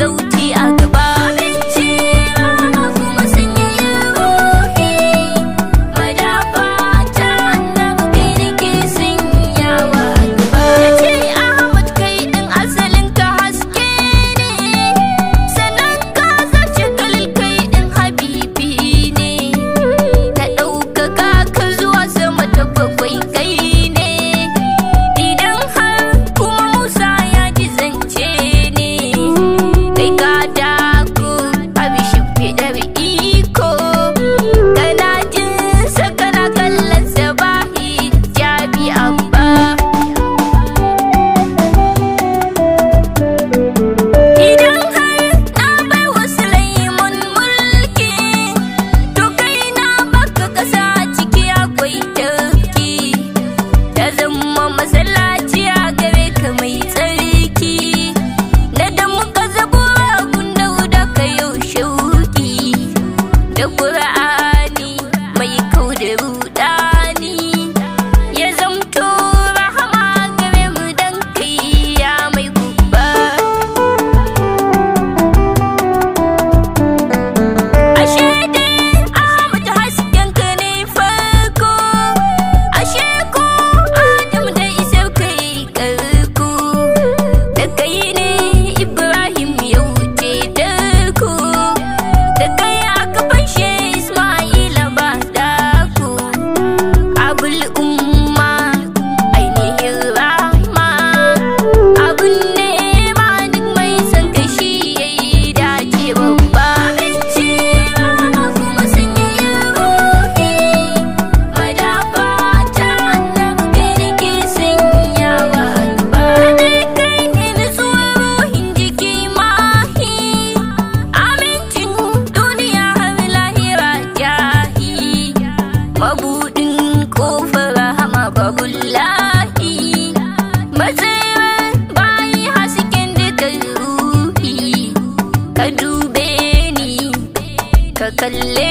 The. कल्ले